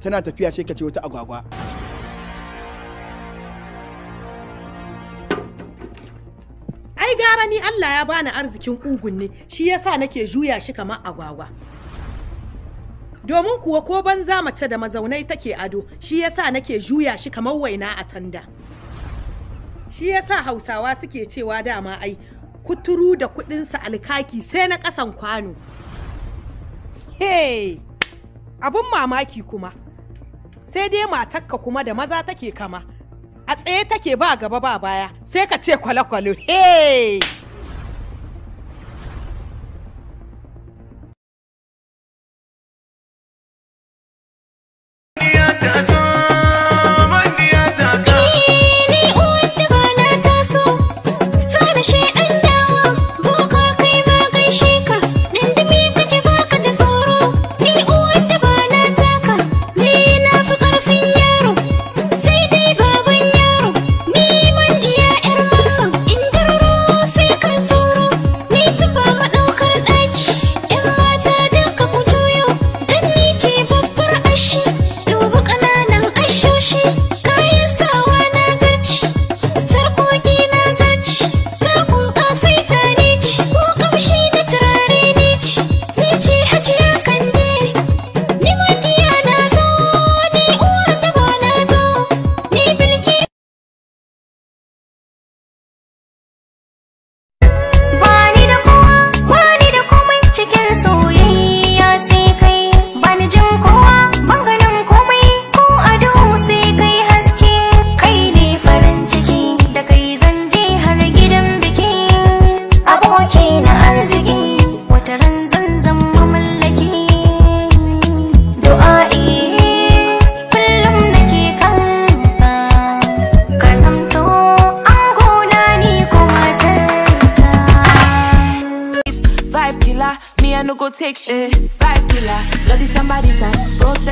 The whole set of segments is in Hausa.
tana tafiya sai ka ce wata agwagwa ai gara ni Allah ya bani arzikin kugun ne shi yasa nake juya shi kamar agwagwa domin kuwa ko banza mace da mazaunai take ado shi yasa nake juya shi kamar waina a tanda shi yasa hausawa suke cewa dama ai kuturu da kudinsa alkaki sai na kasan kwano hey abun mamaki kuma sai dai matarka kuma da maza take kama a tsaye take ba gaba ba baya sai ka ce kwale-kwale hey!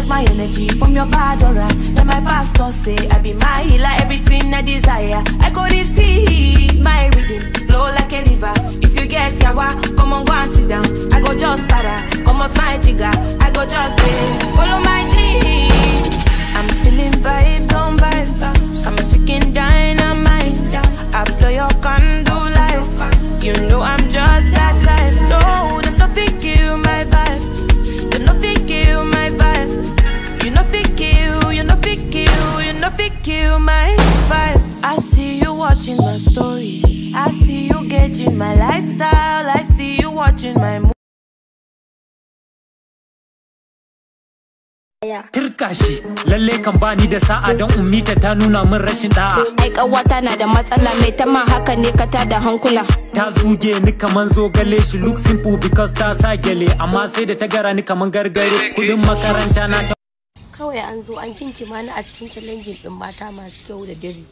my energy from your bad aura. Then my pastor say, I be my healer, everything I desire. I go receive my reading, flow like a river. If you get yawa, come on, go and sit down. I go just para, come on my jigger. I go just pay, follow my jigger. watching my stories. I see you gauging my lifestyle. I see you watching my mood. lalle kan bani da sa'a don umita ta nuna min rashin da'a. Ai ƙawata na da matsala mai ta ma haka ne ka ta da hankula. Ta zuge ni kaman zogale shi look simple because ta sa gele amma sai da ta gara ni kaman gargare kudin makaranta na ta. Kawai an zo an kinkima ni a cikin challenge din mata masu kyau da dare.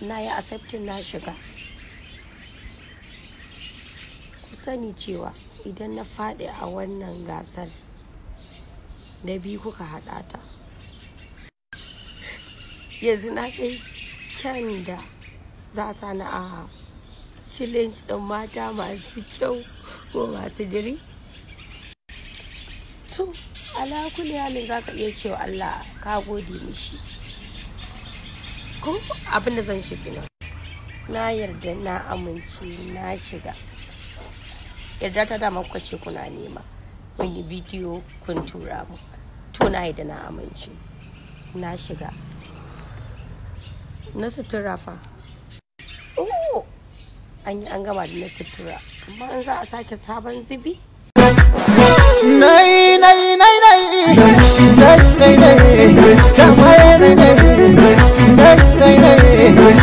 na yi accepting na shiga ku sani cewa idan na faɗi a wannan gasar da biyu kuka haɗa ta yanzu na kai kyan da za sa na a cilin ɗin mata masu kyau ko masu diri to ala halin za ka iya cewa allah ka gode mishi ko abin zan shiga na na yarda na amince na shiga yarda ta dama kuka ce kuna nema kun yi bidiyo kun tura mu to na yarda na amince na shiga na sutura fa oh an yi an gama da na sutura amma an za a sake sabon zubi nai nai nai nai nai nai nai nai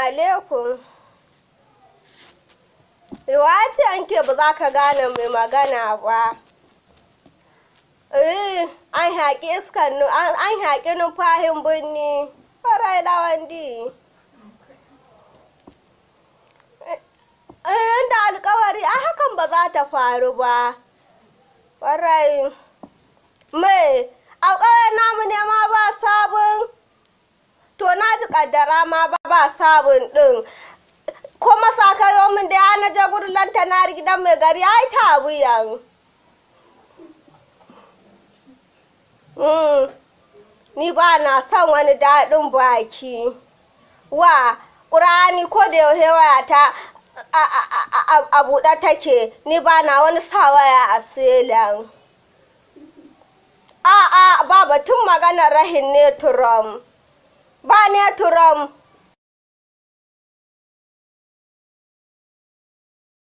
alaikum yawa ce an ke ba za ka gane mai magana ba eh, an haƙi iskan an haƙi nufahin birni farai lawandi inda eh, alkawari a hakan ba za ta faru ba farai mai a namu ne ma ba sabon kaddara ma ba ba sabon din kuma sakayo min da ya na je gidan mai gari ai ta wuyan mm. ni ba na son wani daɗin baki wa ƙurani ko da yaushe ta a buɗe take ni ba na wani sawaya a a a'a ba batun maganar rahin ne turam Bane turom.